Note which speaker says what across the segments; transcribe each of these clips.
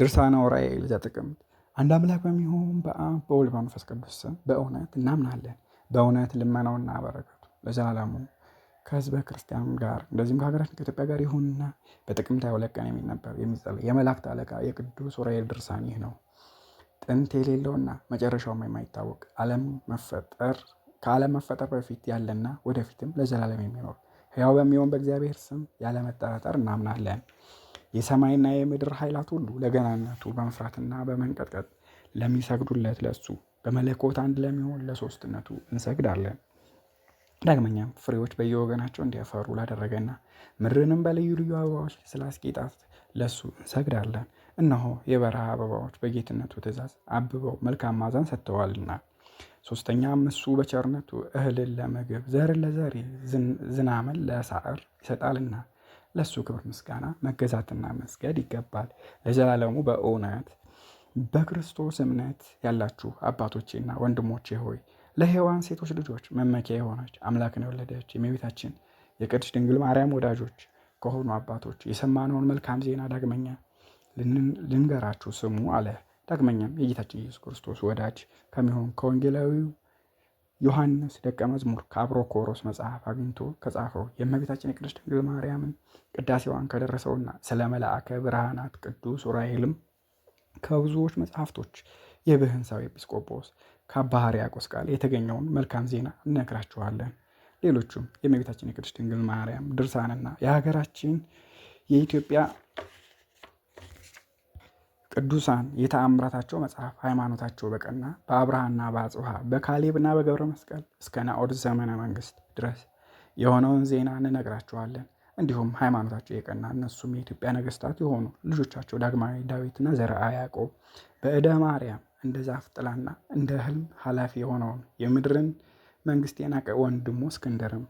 Speaker 1: ድርሳነ ዑራኤል ዘጥቅምት። አንድ አምላክ በሚሆን በአብ በወልድ በመንፈስ ቅዱስ ስም በእውነት እናምናለን። በእውነት ልመናውና በረከቱ ለዘላለሙ ከህዝበ ክርስቲያን ጋር እንደዚሁም ከሀገራችን ከኢትዮጵያ ጋር ይሁንና በጥቅምት ሃያ ሁለት ቀን የሚነበብ የሚጸለይ የመላእክት አለቃ የቅዱስ ዑራኤል ድርሳን ይህ ነው። ጥንት የሌለውና መጨረሻውም የማይታወቅ ዓለም መፈጠር ከዓለም መፈጠር በፊት ያለና ወደፊትም ለዘላለም የሚኖር ሕያው በሚሆን በእግዚአብሔር ስም ያለመጠራጠር እናምናለን። የሰማይና የምድር ኃይላት ሁሉ ለገናነቱ በመፍራትና በመንቀጥቀጥ ለሚሰግዱለት ለሱ በመለኮት አንድ ለሚሆን ለሶስትነቱ እንሰግዳለን። ዳግመኛም ፍሬዎች በየወገናቸው እንዲያፈሩ ላደረገና ምድርንም በልዩ ልዩ አበባዎች ስላስጌጣት ለሱ እንሰግዳለን። እነሆ የበረሃ አበባዎች በጌትነቱ ትእዛዝ አብበው መልካም ማዛን ሰጥተዋልና። ሶስተኛም እሱ በቸርነቱ እህልን ለምግብ ዘርን ለዘሬ ዝናምን ለሳዕር ይሰጣልና ለእሱ ክብር ምስጋና መገዛትና መስገድ ይገባል ለዘላለሙ። በእውነት በክርስቶስ እምነት ያላችሁ አባቶቼና ወንድሞቼ ሆይ ለሔዋን ሴቶች ልጆች መመኪያ የሆነች አምላክን የወለደች የእመቤታችን የቅድስት ድንግል ማርያም ወዳጆች ከሆኑ አባቶች የሰማነውን መልካም ዜና ዳግመኛ ልንገራችሁ ስሙ አለ። ዳግመኛም የጌታችን ኢየሱስ ክርስቶስ ወዳጅ ከሚሆን ከወንጌላዊው ዮሐንስ ደቀ መዝሙር ኮሮስ መጽሐፍ አግኝቶ ከጻፈው የእመቤታችን የቅድስት ድንግል ማርያምን ቅዳሴዋን ከደረሰውና ስለ መልአከ ብርሃናት ቅዱስ ዑራኤልም ከብዙዎች መጽሐፍቶች የብህንሳዊ ኤጲስቆጶስ ከአባ ሕርያቆስ ቃል የተገኘውን መልካም ዜና እነግራችኋለን። ሌሎቹም የእመቤታችን የቅድስት ድንግል ማርያም ድርሳንና የሀገራችን የኢትዮጵያ ቅዱሳን የተአምራታቸው መጽሐፍ ሃይማኖታቸው በቀና በአብርሃና በአጽብሃ በካሌብና በገብረ መስቀል እስከ ናኦድ ዘመነ መንግስት ድረስ የሆነውን ዜና እንነግራችኋለን። እንዲሁም ሃይማኖታቸው የቀና እነሱም የኢትዮጵያ ነገስታት የሆኑ ልጆቻቸው ዳግማዊ ዳዊትና ዘርአ ያዕቆብ በእደ ማርያም እንደ ዛፍ ጥላና እንደ ህልም ኃላፊ የሆነውን የምድርን መንግስት የናቀ ወንድሙ እስክንድርም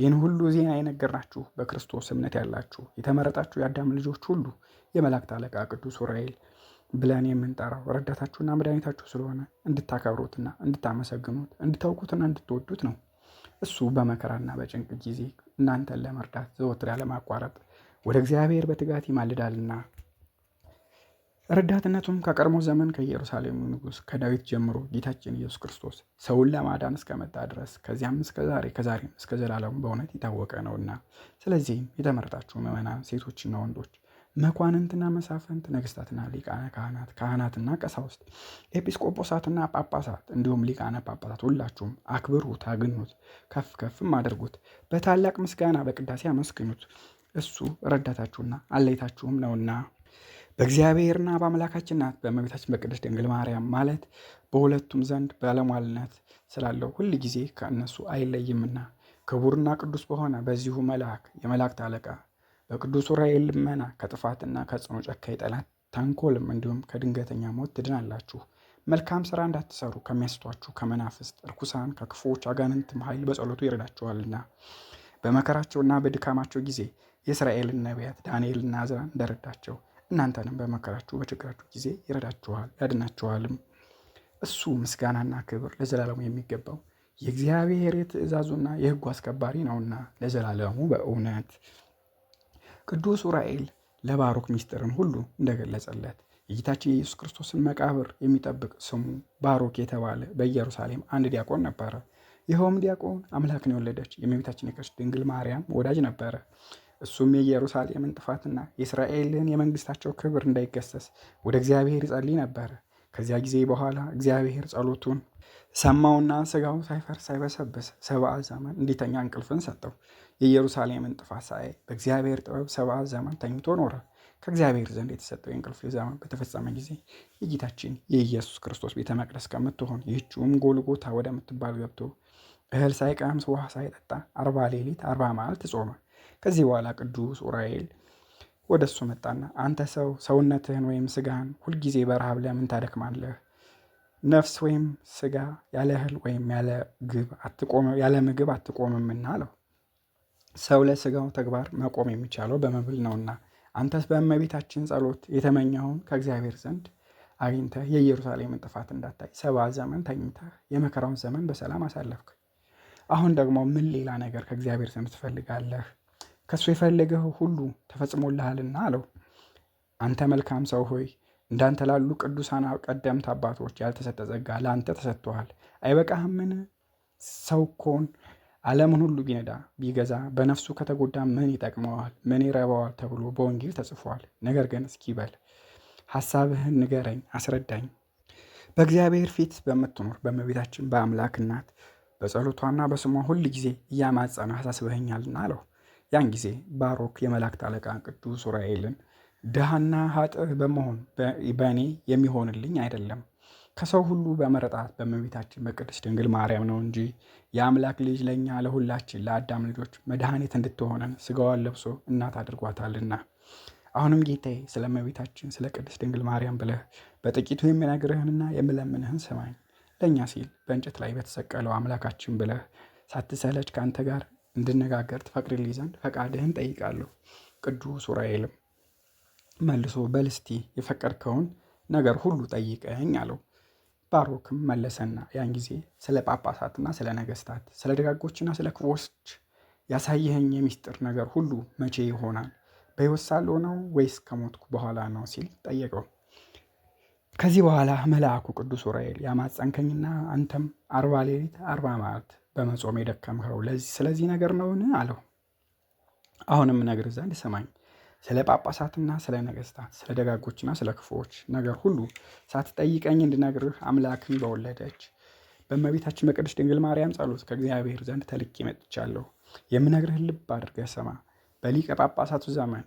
Speaker 1: ይህን ሁሉ ዜና የነገርናችሁ በክርስቶስ እምነት ያላችሁ የተመረጣችሁ የአዳም ልጆች ሁሉ የመላእክት አለቃ ቅዱስ ዑራኤል ብለን የምንጠራው ረዳታችሁና መድኃኒታችሁ ስለሆነ እንድታከብሩትና እንድታመሰግኑት እንድታውቁትና እንድትወዱት ነው። እሱ በመከራና በጭንቅ ጊዜ እናንተን ለመርዳት ዘወትር ያለማቋረጥ ወደ እግዚአብሔር በትጋት ይማልዳልና ረዳትነቱም ከቀድሞ ዘመን ከኢየሩሳሌም ንጉሥ ከዳዊት ጀምሮ ጌታችን ኢየሱስ ክርስቶስ ሰውን ለማዳን እስከመጣ ድረስ ከዚያም እስከ ዛሬ ከዛሬም እስከ ዘላለሙ በእውነት የታወቀ ነውና፣ ስለዚህም የተመረጣችሁ ምዕመናን ሴቶችና ወንዶች መኳንንትና መሳፍንት፣ ነገስታትና ሊቃነ ካህናት፣ ካህናትና ቀሳውስት፣ ኤጲስቆጶሳትና ጳጳሳት እንዲሁም ሊቃነ ጳጳሳት ሁላችሁም አክብሩት፣ አግኑት፣ ከፍ ከፍም አድርጉት፣ በታላቅ ምስጋና በቅዳሴ አመስግኑት፣ እሱ ረዳታችሁና አለይታችሁም ነውና። በእግዚአብሔርና በአምላካችን ናት በእመቤታችን በቅድስት ድንግል ማርያም ማለት በሁለቱም ዘንድ ባለሟልነት ስላለው ሁል ጊዜ ከእነሱ አይለይምና ክቡርና ቅዱስ በሆነ በዚሁ መልአክ የመላእክት አለቃ በቅዱስ ዑራኤል ልመና ከጥፋትና ከጽኑ ጨካኝ ጠላት ተንኮልም እንዲሁም ከድንገተኛ ሞት ትድናላችሁ። መልካም ስራ እንዳትሰሩ ከሚያስቷችሁ ከመናፍስት እርኩሳን ከክፉዎች አጋንንትም ኃይል በጸሎቱ ይረዳችኋልና። በመከራቸውና በድካማቸው ጊዜ የእስራኤልን ነቢያት ዳንኤልና አዝራን እንደረዳቸው እናንተንም በመከራችሁ በችግራችሁ ጊዜ ይረዳችኋል ያድናችኋልም። እሱ ምስጋናና ክብር ለዘላለሙ የሚገባው የእግዚአብሔር የትእዛዙና የሕጉ አስከባሪ ነውና ለዘላለሙ በእውነት ቅዱስ ዑራኤል ለባሮክ ሚስጥርን ሁሉ እንደገለጸለት የጌታችን የኢየሱስ ክርስቶስን መቃብር የሚጠብቅ ስሙ ባሮክ የተባለ በኢየሩሳሌም አንድ ዲያቆን ነበረ። ይኸውም ዲያቆን አምላክን የወለደች የእመቤታችን የቅድስት ድንግል ማርያም ወዳጅ ነበረ። እሱም የኢየሩሳሌምን ጥፋትና የእስራኤልን የመንግስታቸው ክብር እንዳይገሰስ ወደ እግዚአብሔር ይጸልይ ነበረ። ከዚያ ጊዜ በኋላ እግዚአብሔር ጸሎቱን ሰማውና ስጋው ሳይፈርስ ሳይበሰብስ ሰብአ ዘመን እንዲተኛ እንቅልፍን ሰጠው። የኢየሩሳሌምን ጥፋት ሳያይ በእግዚአብሔር ጥበብ ሰብአ ዘመን ተኝቶ ኖረ። ከእግዚአብሔር ዘንድ የተሰጠው የእንቅልፍ ዘመን በተፈጸመ ጊዜ የጌታችን የኢየሱስ ክርስቶስ ቤተ መቅደስ ከምትሆን ይህችውም ጎልጎታ ወደምትባል ገብቶ እህል ሳይቀምስ ውሃ ሳይጠጣ አርባ ሌሊት አርባ መዓልት ጾመ። ከዚህ በኋላ ቅዱስ ዑራኤል ወደ እሱ መጣና አንተ ሰው ሰውነትህን ወይም ስጋህን ሁልጊዜ በረሃብ ለምን ታደክማለህ? ነፍስ ወይም ስጋ ያለ እህል ወይም ያለ ግብ አትቆምም ያለ ምግብ አትቆምምና አለው። ሰው ለስጋው ተግባር መቆም የሚቻለው በመብል ነውና አንተስ በእመቤታችን ጸሎት የተመኘውን ከእግዚአብሔር ዘንድ አግኝተህ የኢየሩሳሌምን ጥፋት እንዳታይ ሰባ ዘመን ተኝተህ የመከራውን ዘመን በሰላም አሳለፍክ። አሁን ደግሞ ምን ሌላ ነገር ከእግዚአብሔር ዘንድ ትፈልጋለህ? ከእሱ የፈለገህ ሁሉ ተፈጽሞልሃልና አለው። አንተ መልካም ሰው ሆይ እንዳንተ ላሉ ቅዱሳን ቀደምት አባቶች ያልተሰጠ ጸጋ ለአንተ ተሰጥተዋል። አይበቃህምን? ሰው ኮን ዓለምን ሁሉ ቢነዳ ቢገዛ በነፍሱ ከተጎዳ ምን ይጠቅመዋል? ምን ይረባዋል? ተብሎ በወንጌል ተጽፏል። ነገር ግን እስኪ በል ሐሳብህን ንገረኝ፣ አስረዳኝ። በእግዚአብሔር ፊት በምትኖር በእመቤታችን በአምላክ እናት በጸሎቷና በስሟ ሁል ጊዜ እያማጸና አሳስበኸኛልና አለው። ያን ጊዜ ባሮክ የመላእክት አለቃ ቅዱስ ዑራኤልን ድሃና ኃጥእ በመሆን በእኔ የሚሆንልኝ አይደለም ከሰው ሁሉ በመረጣት በእመቤታችን በቅድስት ድንግል ማርያም ነው እንጂ የአምላክ ልጅ ለእኛ ለሁላችን ለአዳም ልጆች መድኃኒት እንድትሆነን ስጋዋን ለብሶ እናት አድርጓታልና። አሁንም ጌታዬ ስለ እመቤታችን ስለ ቅድስት ድንግል ማርያም ብለህ በጥቂቱ የምነግርህንና የምለምንህን ስማኝ። ለእኛ ሲል በእንጨት ላይ በተሰቀለው አምላካችን ብለህ ሳትሰለች ከአንተ ጋር እንድነጋገር ትፈቅድልኝ ዘንድ ፈቃድህን ጠይቃለሁ። ቅዱስ ዑራኤልም መልሶ በል እስቲ የፈቀድከውን ነገር ሁሉ ጠይቀኝ አለው። ባሮክም መለሰና ያን ጊዜ ስለ ጳጳሳትና ስለ ነገስታት፣ ስለ ደጋጎችና ስለ ክፎች ያሳየኸኝ የሚስጥር ነገር ሁሉ መቼ ይሆናል? በሕይወት ሳለሁ ነው ወይስ ከሞትኩ በኋላ ነው ሲል ጠየቀው። ከዚህ በኋላ መልአኩ ቅዱስ ዑራኤል ያማጸንከኝና አንተም አርባ ሌሊት አርባ መዓልት በመጾም የደከምኸው ስለዚህ ነገር ነውን? አለው። አሁንም እነግርህ ዘንድ ስማኝ ስለ ጳጳሳትና ስለ ነገስታት፣ ስለ ደጋጎችና ስለ ክፉዎች ነገር ሁሉ ሳትጠይቀኝ እንድነግርህ አምላክን በወለደች በእመቤታችን በቅድስት ድንግል ማርያም ጸሎት ከእግዚአብሔር ዘንድ ተልኬ መጥቻለሁ። የምነግርህን ልብ አድርገህ ስማ። በሊቀ ጳጳሳቱ ዘመን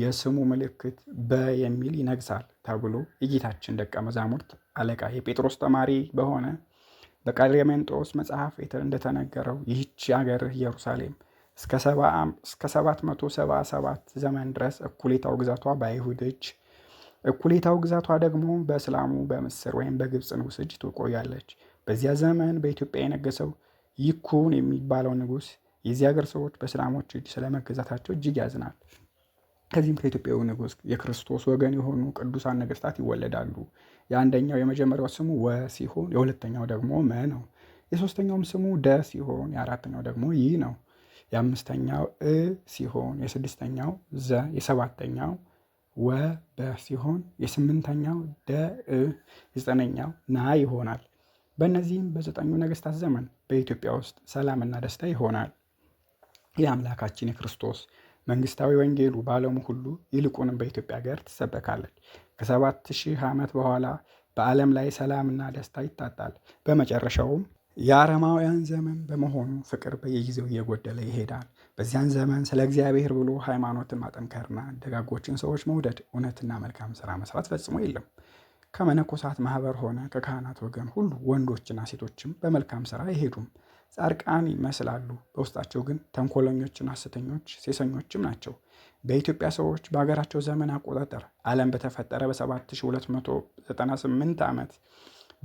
Speaker 1: የስሙ ምልክት በ የሚል ይነግሳል ተብሎ የጌታችን ደቀ መዛሙርት አለቃ የጴጥሮስ ተማሪ በሆነ በቀሌሜንጦስ መጽሐፍ እንደተነገረው ይህች አገርህ ኢየሩሳሌም እስከ 777 ዘመን ድረስ እኩሌታው ግዛቷ እጅ እኩሌታው ግዛቷ ደግሞ በእስላሙ በምስር ወይም በግብፅ ንጉስ እጅ ትቆያለች። በዚያ ዘመን በኢትዮጵያ የነገሰው ይኩን የሚባለው ንጉስ የዚህ ሀገር ሰዎች በእስላሞች እጅ ስለመገዛታቸው እጅግ ያዝናል። ከዚህም ከኢትዮጵያዊ ንጉስ የክርስቶስ ወገን የሆኑ ቅዱሳን ነገስታት ይወለዳሉ። የአንደኛው የመጀመሪያው ስሙ ወ ሲሆን የሁለተኛው ደግሞ መ ነው። የሶስተኛውም ስሙ ደ ሲሆን የአራተኛው ደግሞ ይህ ነው። የአምስተኛው እ ሲሆን የስድስተኛው ዘ የሰባተኛው ወ በ ሲሆን የስምንተኛው ደ እ የዘጠነኛው ና ይሆናል። በእነዚህም በዘጠኙ ነገስታት ዘመን በኢትዮጵያ ውስጥ ሰላምና ደስታ ይሆናል። የአምላካችን የክርስቶስ መንግስታዊ ወንጌሉ በዓለሙ ሁሉ ይልቁንም በኢትዮጵያ ሀገር ትሰበካለች። ከሰባት ሺህ ዓመት በኋላ በዓለም ላይ ሰላምና ደስታ ይታጣል። በመጨረሻውም የአረማውያን ዘመን በመሆኑ ፍቅር በየጊዜው እየጎደለ ይሄዳል። በዚያን ዘመን ስለ እግዚአብሔር ብሎ ሃይማኖትን ማጠንከርና ደጋጎችን ሰዎች መውደድ፣ እውነትና መልካም ስራ መስራት ፈጽሞ የለም። ከመነኮሳት ማህበር ሆነ ከካህናት ወገን ሁሉ ወንዶችና ሴቶችም በመልካም ስራ አይሄዱም። ጻድቃን ይመስላሉ፣ በውስጣቸው ግን ተንኮለኞችና ሐሰተኞች ሴሰኞችም ናቸው። በኢትዮጵያ ሰዎች በሀገራቸው ዘመን አቆጣጠር ዓለም በተፈጠረ በ7298 ዓመት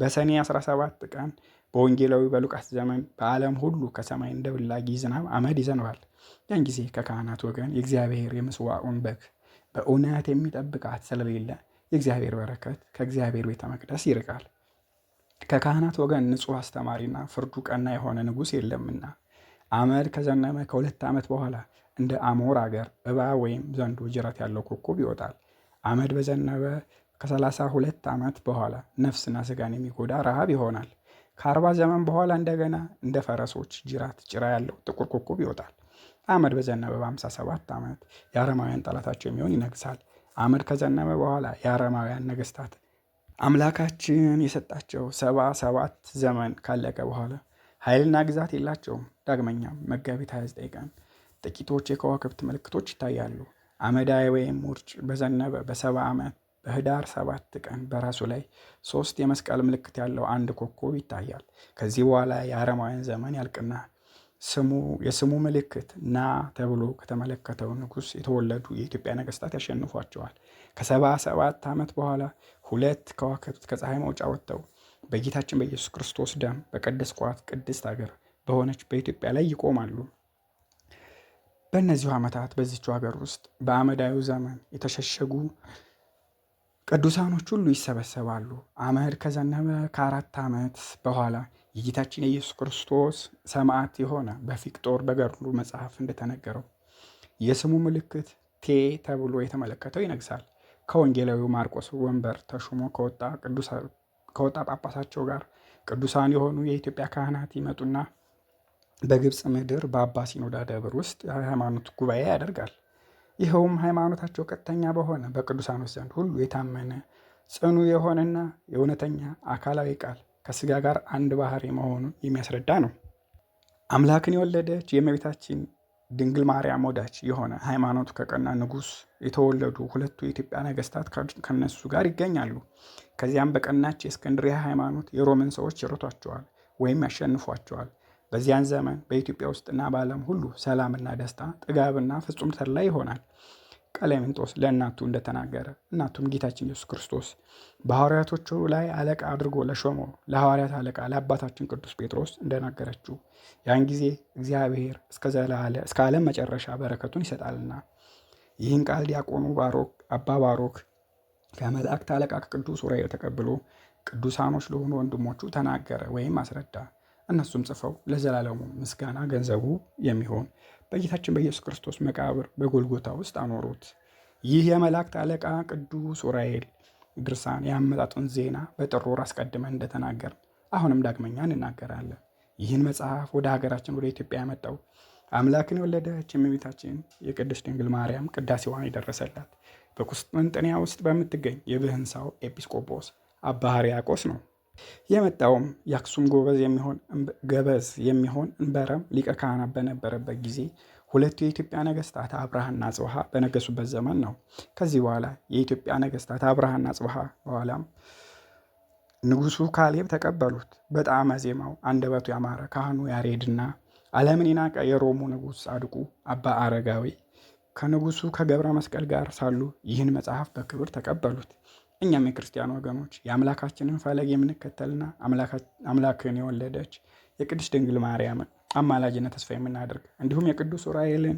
Speaker 1: በሰኔ 17 ቀን በወንጌላዊ በሉቃስ ዘመን በዓለም ሁሉ ከሰማይ እንደ ብላጊ ዝናብ አመድ ይዘንባል። ያን ጊዜ ከካህናት ወገን የእግዚአብሔር የምስዋዑን በግ በእውነት የሚጠብቃት ስለሌለ የእግዚአብሔር በረከት ከእግዚአብሔር ቤተ መቅደስ ይርቃል። ከካህናት ወገን ንጹሕ አስተማሪና ፍርዱ ቀና የሆነ ንጉሥ የለምና አመድ ከዘነበ ከሁለት ዓመት በኋላ እንደ አሞር አገር እባ ወይም ዘንዶ ጅረት ያለው ኮከብ ይወጣል። አመድ በዘነበ ከሰላሳ ሁለት ዓመት በኋላ ነፍስና ስጋን የሚጎዳ ረሃብ ይሆናል። ከአርባ ዘመን በኋላ እንደገና እንደ ፈረሶች ጅራት ጭራ ያለው ጥቁር ኮከብ ይወጣል። አመድ በዘነበ በአምሳ ሰባት ዓመት የአረማውያን ጠላታቸው የሚሆን ይነግሳል። አመድ ከዘነበ በኋላ የአረማውያን ነገስታት አምላካችን የሰጣቸው ሰባ ሰባት ዘመን ካለቀ በኋላ ኃይልና ግዛት የላቸውም። ዳግመኛም መጋቢት 29 ቀን ጥቂቶች የከዋክብት ምልክቶች ይታያሉ። አመዳይ ወይም ውርጭ በዘነበ በሰባ ዓመት በህዳር ሰባት ቀን በራሱ ላይ ሶስት የመስቀል ምልክት ያለው አንድ ኮከብ ይታያል። ከዚህ በኋላ የአረማውያን ዘመን ያልቅና ስሙ የስሙ ምልክት ና ተብሎ ከተመለከተው ንጉስ የተወለዱ የኢትዮጵያ ነገስታት ያሸንፏቸዋል። ከሰባ ሰባት ዓመት በኋላ ሁለት ከዋክብት ከፀሐይ መውጫ ወጥተው በጌታችን በኢየሱስ ክርስቶስ ደም ቋት ቅድስት ሀገር በሆነች በኢትዮጵያ ላይ ይቆማሉ። በእነዚሁ ዓመታት በዚችው ሀገር ውስጥ በአመዳዩ ዘመን የተሸሸጉ ቅዱሳኖች ሁሉ ይሰበሰባሉ። አመድ ከዘነበ ከአራት ዓመት በኋላ የጌታችን የኢየሱስ ክርስቶስ ሰማዕት የሆነ በፊቅጦር በገድሉ መጽሐፍ እንደተነገረው የስሙ ምልክት ቴ ተብሎ የተመለከተው ይነግሳል። ከወንጌላዊው ማርቆስ ወንበር ተሹሞ ከወጣ ጳጳሳቸው ጋር ቅዱሳን የሆኑ የኢትዮጵያ ካህናት ይመጡና በግብፅ ምድር በአባ ሲኖዳ ደብር ውስጥ የሃይማኖት ጉባኤ ያደርጋል። ይኸውም ሃይማኖታቸው ቀጥተኛ በሆነ በቅዱሳኖች ዘንድ ሁሉ የታመነ ጽኑ የሆነና የእውነተኛ አካላዊ ቃል ከስጋ ጋር አንድ ባህሪ መሆኑን የሚያስረዳ ነው። አምላክን የወለደች የእመቤታችን ድንግል ማርያም ወዳጅ የሆነ ሃይማኖቱ ከቀና ንጉሥ የተወለዱ ሁለቱ የኢትዮጵያ ነገስታት ከነሱ ጋር ይገኛሉ። ከዚያም በቀናች የእስክንድሪያ ሃይማኖት የሮምን ሰዎች ይረቷቸዋል ወይም ያሸንፏቸዋል። በዚያን ዘመን በኢትዮጵያ ውስጥና በዓለም ሁሉ ሰላምና ደስታ፣ ጥጋብና ፍጹም ተድላ ይሆናል። ቀሌምንጦስ ለእናቱ እንደተናገረ እናቱም ጌታችን ኢየሱስ ክርስቶስ በሐዋርያቶቹ ላይ አለቃ አድርጎ ለሾሞ ለሐዋርያት አለቃ ለአባታችን ቅዱስ ጴጥሮስ እንደናገረችው ያን ጊዜ እግዚአብሔር እስከ ዓለም መጨረሻ በረከቱን ይሰጣልና። ይህን ቃል ዲያቆኑ ባሮክ አባ ባሮክ ከመላእክት አለቃ ከቅዱስ ዑራኤል ተቀብሎ ቅዱሳኖች ለሆኑ ወንድሞቹ ተናገረ ወይም አስረዳ። እነሱም ጽፈው ለዘላለሙ ምስጋና ገንዘቡ የሚሆን በጌታችን በኢየሱስ ክርስቶስ መቃብር በጎልጎታ ውስጥ አኖሩት። ይህ የመላእክት አለቃ ቅዱስ ዑራኤል ድርሳን የአመጣጡን ዜና በጥር ወር አስቀድመን እንደተናገርን አሁንም ዳግመኛ እንናገራለን። ይህን መጽሐፍ ወደ ሀገራችን ወደ ኢትዮጵያ ያመጣው አምላክን የወለደች እመቤታችን የቅድስት ድንግል ማርያም ቅዳሴዋን የደረሰላት በቁስጥንጥንያ ውስጥ በምትገኝ የብህንሳው ኤጲስቆጶስ አባ ሕርያቆስ ነው። የመጣውም የአክሱም ጎበዝ የሚሆን ገበዝ የሚሆን እንበረም ሊቀ ካህናት በነበረበት ጊዜ ሁለቱ የኢትዮጵያ ነገስታት አብርሃና ጽውሃ በነገሱበት ዘመን ነው። ከዚህ በኋላ የኢትዮጵያ ነገስታት አብርሃና ጽውሃ በኋላም ንጉሱ ካሌብ ተቀበሉት። በጣም ዜማው አንደበቱ ያማረ ካህኑ ያሬድና ዓለምን የናቀ የሮሙ ንጉስ ጻድቁ አባ አረጋዊ ከንጉሱ ከገብረ መስቀል ጋር ሳሉ ይህን መጽሐፍ በክብር ተቀበሉት። እኛም የክርስቲያን ወገኖች የአምላካችንን ፈለግ የምንከተልና አምላክን የወለደች የቅድስት ድንግል ማርያምን አማላጅነት ተስፋ የምናደርግ እንዲሁም የቅዱስ ዑራኤልን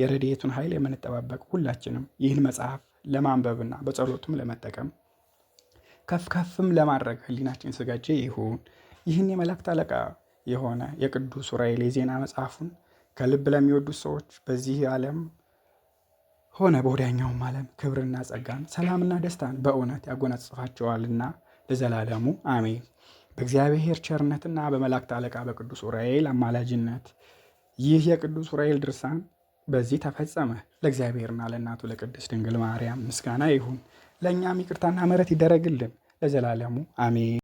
Speaker 1: የረድኤቱን ኃይል የምንጠባበቅ ሁላችንም ይህን መጽሐፍ ለማንበብና በጸሎቱም ለመጠቀም ከፍ ከፍም ለማድረግ ህሊናችን ስጋጀ ይሁን። ይህን የመላእክት አለቃ የሆነ የቅዱስ ዑራኤል የዜና መጽሐፉን ከልብ ለሚወዱት ሰዎች በዚህ ዓለም ሆነ በወዲያኛውም ዓለም ክብርና ጸጋን ሰላምና ደስታን በእውነት ያጎናጽፋቸዋልና ለዘላለሙ አሜን። በእግዚአብሔር ቸርነትና በመላእክት አለቃ በቅዱስ ዑራኤል አማላጅነት ይህ የቅዱስ ዑራኤል ድርሳን በዚህ ተፈጸመ። ለእግዚአብሔርና ለእናቱ ለቅድስት ድንግል ማርያም ምስጋና ይሁን። ለእኛም ይቅርታና ምሕረት ይደረግልን ለዘላለሙ አሜን።